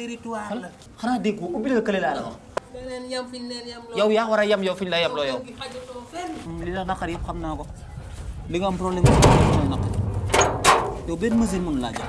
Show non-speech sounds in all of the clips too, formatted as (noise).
territoire la. xanaa dégg nga ubbi la kële laa la wax. yow yaa war a yem yow fi ñu la yemloo yow. Mm, li la naqar yëpp xam naa ko. li nga am problème bi yow benn mesure mënu laa jël.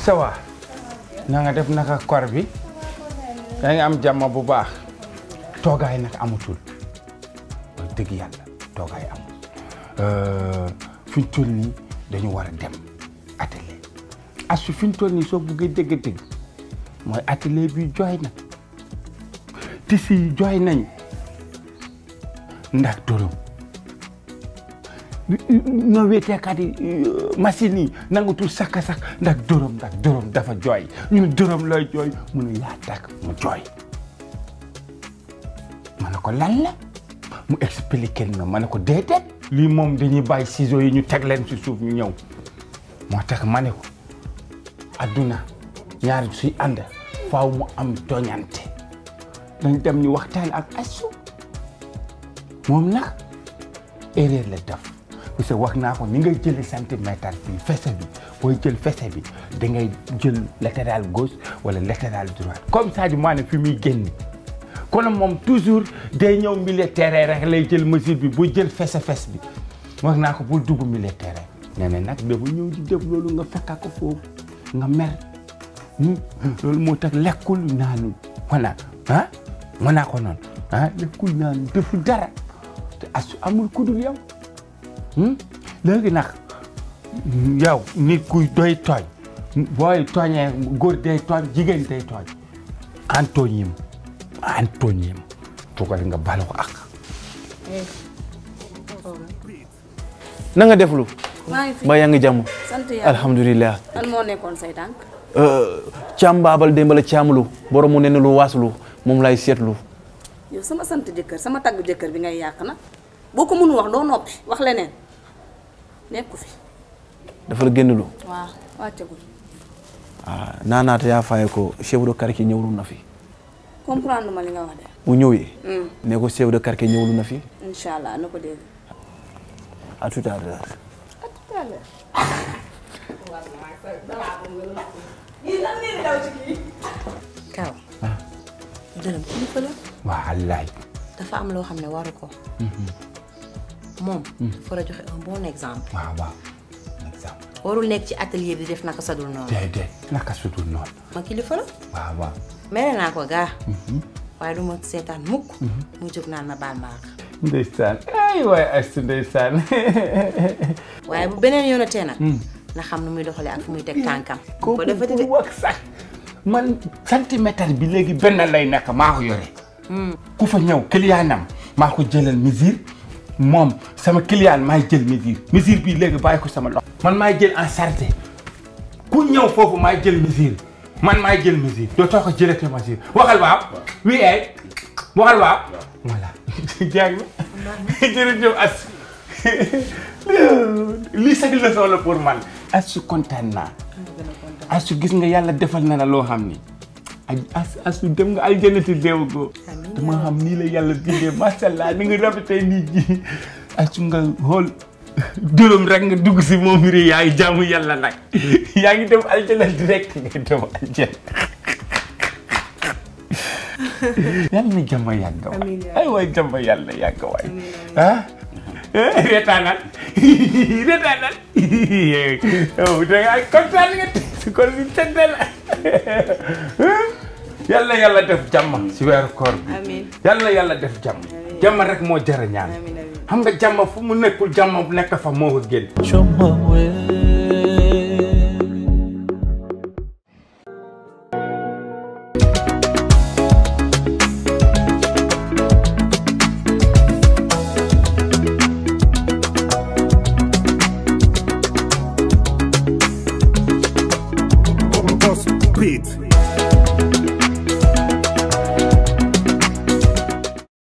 ça va na nga def naka koor bi yaa ngi am jàmm bu baax toogaay nag amatul wax dëgg yàlla toogaay amul euh, fi ni dañu war a dem atelier asu fi ñu soo buggee dëgg-dëgg mooy atelier bi jooy na tissu yi jooy nañ ndax dërëm naweteekat yi euh, machine yi nangutul sakka sak ndax dërëm ndax dërëm dafa jooy ñu dërëm lay jooy mu ne yaa tag mu jooy ma ko lan la mu expliqué ma ne ko déedéet lii moom dañuy bàyyi ciseaux yi ñu teg leen ci suuf ñu ñëw moo tax ma ne ko adduna ñaari suy ànd faaw mu am tooñante dañ dem ñu waxtaan ak asu moom nag erreur la def parce que wax naa ko ni ngay jëli centimètre bi fese bi booy jël fese bi da ngay jël latéral gauche wala latéral droite comme Sadio Mané fi muy génn kon moom toujours da ñëw militaire rek la jël mesure bi bu jël fese fes bi wax naa ko bul dugg militaire nee na nag da bu ñëw di def loolu nga fekka ko foofu nga mer hmm, loolu moo tax lekkul naanu wanaa ah wanaa ko ah, dara te asu amul ku Hmm? léegi nag yow ni kuy doy tooñ booy tooñee góor day tooñ jigéen day tooñ antonyme antonyme tugal nga balo ko ak na nga deflu ba yaa ngi jàmm alhamdulilah lan moo nekkoon say tànk euh, caam baabal démbala caamlu borom mu nen lu waaslu moom lay seetlu yow sama sant jëkkër sama tagg jëkkër bi ngay yàq nag boo ko mënu wax doo noppi wax leneen nekku fi. dafa la génn lu. waaw wàccagul. ah naanaata yaa fay ko chef de quartier ñëwlu na fi. comprendre ma li nga wax de. bu ñëwee. Mm. ne ko chef de quartier ñëwlu na fi. incha allah na ko dégg. à tout à l'heure. à tout à ah. dafa am loo xam ne waru moom. war hmm. a joxe un exemple. waaw waaw un warul nekk ci atelier bi def naka sadul noonu. déedéet naka sadul noonu. ma kilifa la. waaw waaw. mere ko gaa. Mhm. waaye du ma seetaan mukk. Mhm. mu jóg naan ma baal maa ndeysaan (laughs) bu beneen yoonatee nag. Hmm. xam nu muy doxalee ak muy teg tànkam. ko defati de man centimètre bi léegi benn lay nekk maa ko yore. Hmm. ku fa ñëw client maa ko jëlal mesure. moom sama client maay jël mesure mesure bii léegi bàyyi ko sama loxo. man maay jël en charge ku ñëw foofu maay jël mesure man maay jël mesure doo too ko jëlee mesure waxal waaw. wii ay eh. waxal waaw. voilà (laughs) jaay ma (laughs) jërëjëf as (laughs) lii sax leçon la pour man. as su kontaan naa. as su gis nga yàlla defal na la loo xam ni. ak as asu dem nga aljana te deewagoo dama xam nii nga rafetee nii nga xool juróom rek nga dugg si moom rek yaa ngi yaa ngi dem aljana direct nga dem aljana yàlla na jàmm yàgg waay ay waay jàmm yàlla yàgg waay ah eh, reetaanal (laughs) reetaanal eh, yow (laughs) yàlla yàlla def jàmm si weer koor bi amiin yàlla def jàmm jàmm rek moo jar a ñaan xam nga jàmm fu mu nekk fa moo ko génn Beat.